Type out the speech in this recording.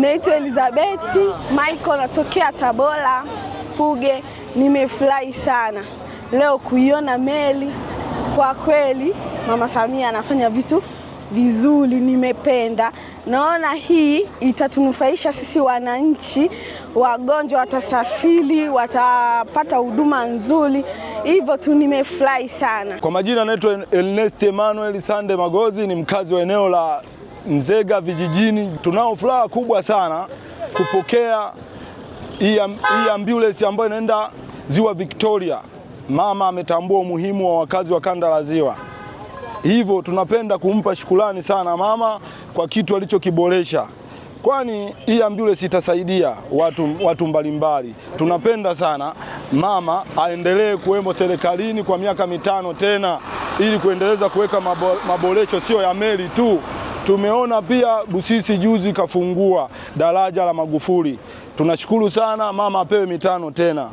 Naitwa Elizabeth Michael, natokea Tabora Puge. Nimefurahi sana leo kuiona meli. Kwa kweli Mama Samia anafanya vitu vizuri, nimependa. Naona hii itatunufaisha sisi wananchi, wagonjwa watasafiri, watapata huduma nzuri, hivyo tu nimefurahi sana. Kwa majina, naitwa Ernest Emmanuel Sande Magozi, ni mkazi wa eneo la Nzega vijijini. Tunao furaha kubwa sana kupokea hii ambulance ambayo inaenda ziwa Victoria. Mama ametambua umuhimu wa wakazi wa kanda la ziwa, hivyo tunapenda kumpa shukrani sana mama kwa kitu alichokiboresha, kwani hii ambulance itasaidia watu, watu mbalimbali. Tunapenda sana mama aendelee kuwemo serikalini kwa miaka mitano tena ili kuendeleza kuweka maboresho sio ya meli tu. Tumeona pia Busisi juzi kafungua daraja la Magufuli. Tunashukuru sana mama, apewe mitano tena.